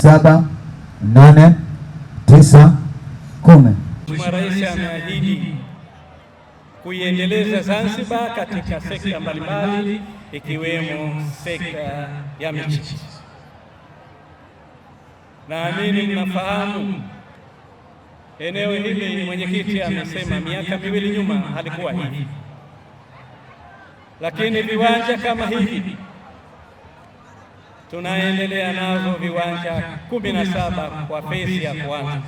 saba, nane, tisa, kumi. Mheshimiwa Rais ameahidi kuiendeleza Zanzibar katika sekta mbalimbali ikiwemo sekta ya michezo. Naamini mnafahamu eneo hili, mwenyekiti amesema miaka miwili nyuma halikuwa hivi, lakini viwanja kama hivi tunaendelea nazo viwanja 17 kwa fesi ya kwanza,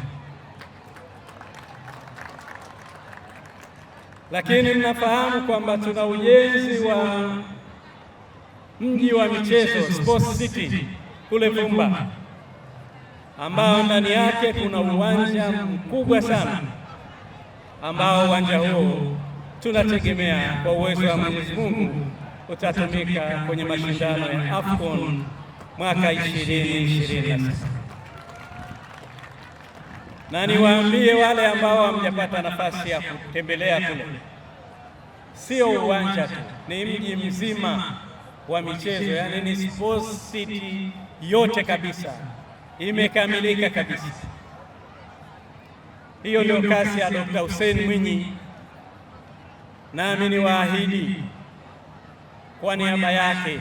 lakini mnafahamu kwamba tuna ujenzi wa mji wa michezo Sports City kule Vumba, ambao ndani yake kuna uwanja mkubwa sana, ambao uwanja huo tunategemea kwa uwezo wa Mwenyezi Mungu utatumika kwenye mashindano ya AFCON mwaka 2027 na niwaambie wale ambao hamjapata nafasi ya kutembelea kule, sio uwanja tu, ni mji mzima wa michezo, yaani ni yaani sports city yote kabisa, imekamilika kabisa. Hiyo ndio kasi ya Dr. Hussein Mwinyi, nami niwaahidi kwa niaba yake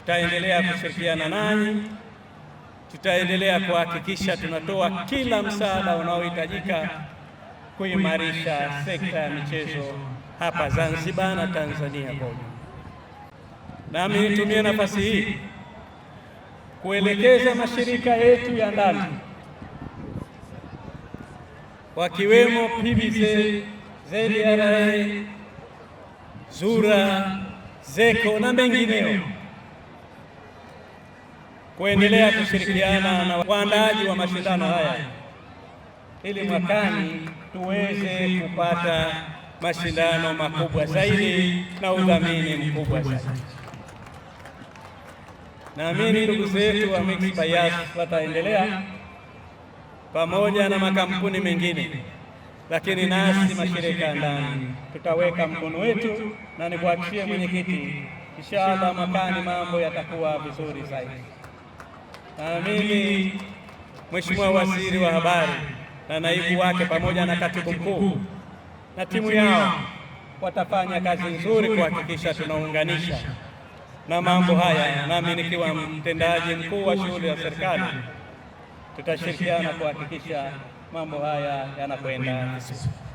tutaendelea kushirikiana nanyi, tutaendelea kuhakikisha tunatoa kila msaada unaohitajika kuimarisha sekta ya michezo hapa Zanzibar na Tanzania kwa ujumla. Nami nitumie nafasi hii kuelekeza mashirika yetu ya ndani wakiwemo PBZ, ZRA, ZURA, ZECO na mengineo kuendelea kushirikiana na waandaaji wa mashindano haya ili mwakani tuweze kupata mashindano makubwa zaidi na udhamini mkubwa zaidi. Naamini ndugu zetu wa Mixx by Yas wataendelea pamoja na makampuni mengine, lakini nasi mashirika ndani tutaweka mkono wetu, na nikuhakishie mwenyekiti, inshallah mwakani mambo yatakuwa vizuri zaidi. Na ah, mimi Mheshimiwa Waziri wa Habari na naibu wake pamoja na katibu mkuu na timu yao watafanya kazi nzuri kuhakikisha tunaunganisha na mambo haya, nami nikiwa mtendaji mkuu wa shughuli za serikali tutashirikiana kuhakikisha mambo haya yanakwenda vizuri.